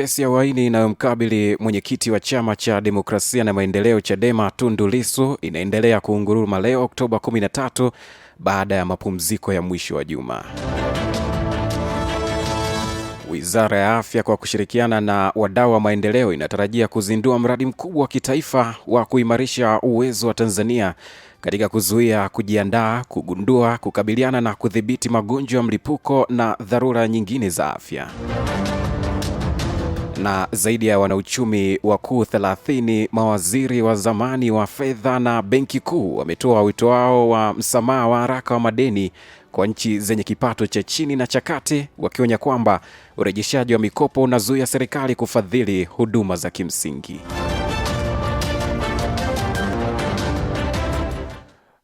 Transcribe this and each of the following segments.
Kesi ya uhaini inayomkabili mwenyekiti wa chama cha demokrasia na maendeleo Chadema Tundu Lissu inaendelea kuunguruma leo Oktoba 13 baada ya mapumziko ya mwisho wa juma. Wizara ya Afya kwa kushirikiana na wadau wa maendeleo inatarajia kuzindua mradi mkubwa wa kitaifa wa kuimarisha uwezo wa Tanzania katika kuzuia, kujiandaa, kugundua, kukabiliana na kudhibiti magonjwa ya mlipuko na dharura nyingine za afya na zaidi ya wanauchumi wakuu 30 mawaziri wa zamani wa fedha na benki kuu wametoa wito wao wa msamaha wa haraka wa madeni kwa nchi zenye kipato cha chini na cha kati, wakionya kwamba urejeshaji wa mikopo unazuia serikali kufadhili huduma za kimsingi.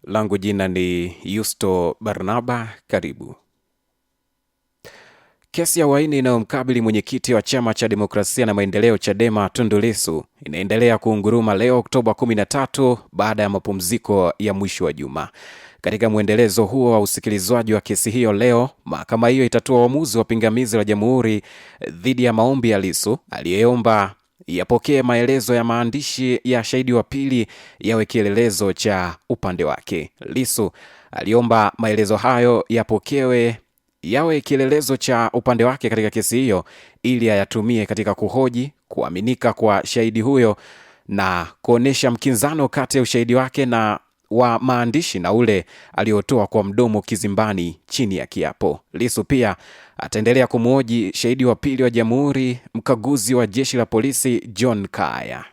Langu jina ni Yusto Barnaba, karibu. Kesi ya uhaini inayomkabili mwenyekiti wa chama cha demokrasia na maendeleo Chadema Tundu Lissu inaendelea kuunguruma leo Oktoba 13 baada ya mapumziko ya mwisho wa juma. Katika mwendelezo huo wa usikilizwaji wa kesi hiyo leo, mahakama hiyo itatoa uamuzi wa pingamizi la jamhuri dhidi ya maombi ya Lissu aliyeomba yapokee maelezo ya maandishi ya shahidi wa pili yawe kielelezo cha upande wake. Lissu aliomba maelezo hayo yapokewe yawe kielelezo cha upande wake katika kesi hiyo ili ayatumie katika kuhoji kuaminika kwa shahidi huyo na kuonyesha mkinzano kati ya ushahidi wake na wa maandishi na ule aliotoa kwa mdomo kizimbani chini ya kiapo. Lisu pia ataendelea kumwoji shahidi wa pili wa jamhuri, mkaguzi wa jeshi la polisi John Kaya.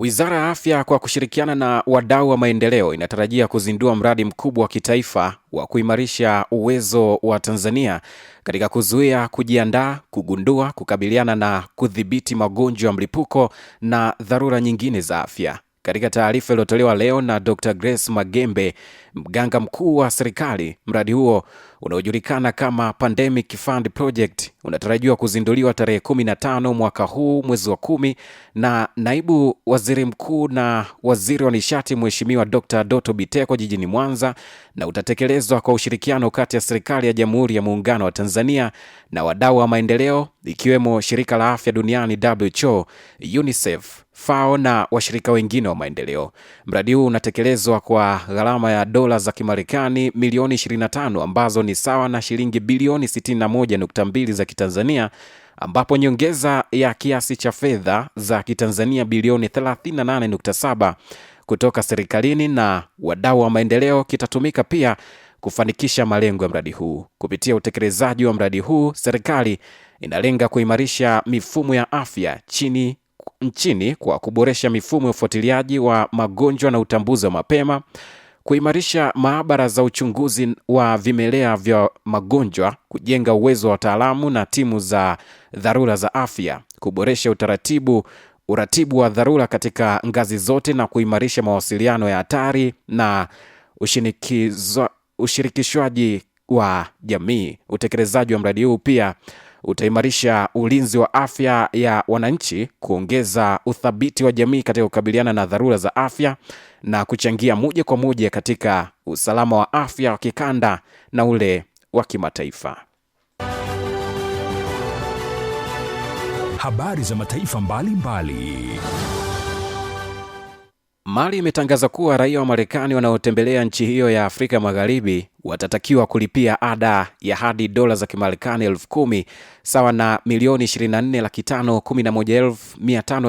Wizara ya Afya kwa kushirikiana na wadau wa maendeleo inatarajia kuzindua mradi mkubwa wa kitaifa wa kuimarisha uwezo wa Tanzania katika kuzuia, kujiandaa, kugundua, kukabiliana na kudhibiti magonjwa ya mlipuko na dharura nyingine za afya. Katika taarifa iliyotolewa leo na Dr. Grace Magembe, mganga mkuu wa serikali, mradi huo unaojulikana kama Pandemic Fund Project unatarajiwa kuzinduliwa tarehe 15 mwaka huu mwezi wa kumi na naibu waziri mkuu na waziri wa nishati Mheshimiwa Dr. Doto Biteko jijini Mwanza na utatekelezwa kwa ushirikiano kati ya serikali ya Jamhuri ya Muungano wa Tanzania na wadau wa maendeleo ikiwemo Shirika la Afya Duniani WHO, UNICEF, FAO na washirika wengine wa maendeleo. Mradi huu unatekelezwa kwa gharama ya dola za Kimarekani milioni 25 ambazo ni sawa na shilingi bilioni 61.2 za Kitanzania ambapo nyongeza ya kiasi cha fedha za Kitanzania bilioni 38.7 kutoka serikalini na wadau wa maendeleo kitatumika pia kufanikisha malengo ya mradi huu. Kupitia utekelezaji wa mradi huu, serikali inalenga kuimarisha mifumo ya afya chini nchini kwa kuboresha mifumo ya ufuatiliaji wa magonjwa na utambuzi wa mapema kuimarisha maabara za uchunguzi wa vimelea vya magonjwa, kujenga uwezo wa wataalamu na timu za dharura za afya, kuboresha utaratibu uratibu wa dharura katika ngazi zote na kuimarisha mawasiliano ya hatari na ushirikishwaji wa jamii. Utekelezaji wa mradi huu pia utaimarisha ulinzi wa afya ya wananchi, kuongeza uthabiti wa jamii katika kukabiliana na dharura za afya na kuchangia moja kwa moja katika usalama wa afya wa kikanda na ule wa kimataifa. Habari za mataifa mbalimbali mbali. Mali imetangaza kuwa raia wa Marekani wanaotembelea nchi hiyo ya Afrika Magharibi watatakiwa kulipia ada ya hadi dola za Kimarekani elfu kumi sawa na milioni 24 laki tano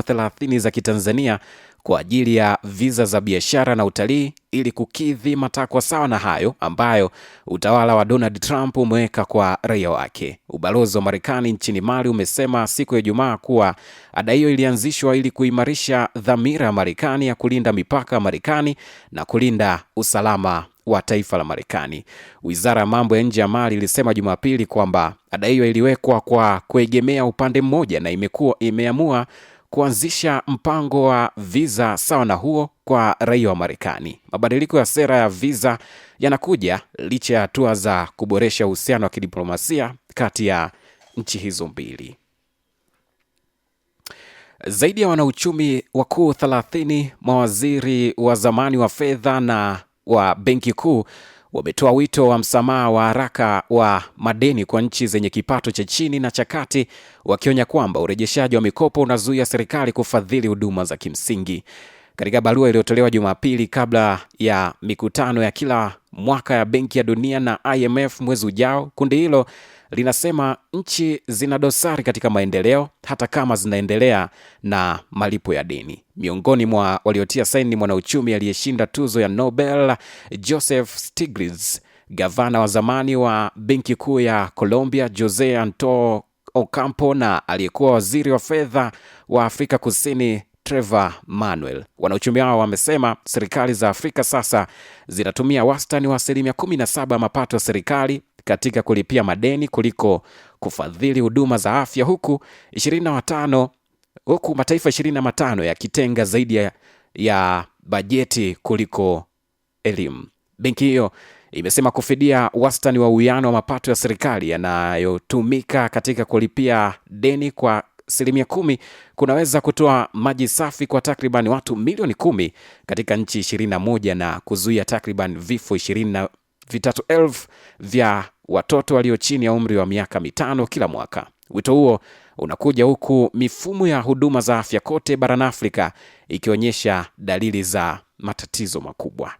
elfu za Kitanzania kwa ajili ya viza za biashara na utalii ili kukidhi matakwa sawa na hayo ambayo utawala wa Donald Trump umeweka kwa raia wake. Ubalozi wa Marekani nchini Mali umesema siku ya Ijumaa kuwa ada hiyo ilianzishwa ili kuimarisha dhamira ya Marekani ya kulinda mipaka ya Marekani na kulinda usalama wa taifa la Marekani. Wizara ya mambo ya nje ya Mali ilisema Jumapili kwamba ada hiyo iliwekwa kwa kuegemea upande mmoja na imekuwa imeamua kuanzisha mpango wa viza sawa na huo kwa raia wa Marekani. Mabadiliko ya sera ya viza yanakuja licha ya hatua za kuboresha uhusiano wa kidiplomasia kati ya nchi hizo mbili. Zaidi ya wanauchumi wakuu 30, mawaziri wa zamani wa fedha na wa benki kuu wametoa wito wa msamaha wa haraka wa madeni kwa nchi zenye kipato cha chini na cha kati, wakionya kwamba urejeshaji wa mikopo unazuia serikali kufadhili huduma za kimsingi. Katika barua iliyotolewa Jumapili kabla ya mikutano ya kila mwaka ya Benki ya Dunia na IMF mwezi ujao. Kundi hilo linasema nchi zina dosari katika maendeleo hata kama zinaendelea na malipo ya deni. Miongoni mwa waliotia saini ni mwanauchumi aliyeshinda tuzo ya Nobel Joseph Stiglitz, gavana wa zamani wa benki kuu ya Colombia Jose Anto Ocampo na aliyekuwa waziri wa fedha wa Afrika Kusini Trevor Manuel. Wanauchumi hao wamesema serikali za Afrika sasa zinatumia wastani wa asilimia 17 ya mapato ya serikali katika kulipia madeni kuliko kufadhili huduma za afya huku 25 huku mataifa 25 yakitenga zaidi ya, ya bajeti kuliko elimu. Benki hiyo imesema kufidia wastani wa uwiano wa mapato ya serikali yanayotumika katika kulipia deni kwa asilimia kumi kunaweza kutoa maji safi kwa takriban watu milioni kumi katika nchi 21 na kuzuia takriban vifo ishirini na vitatu elfu vya watoto walio chini ya umri wa miaka mitano kila mwaka. Wito huo unakuja huku mifumo ya huduma za afya kote barani Afrika ikionyesha dalili za matatizo makubwa.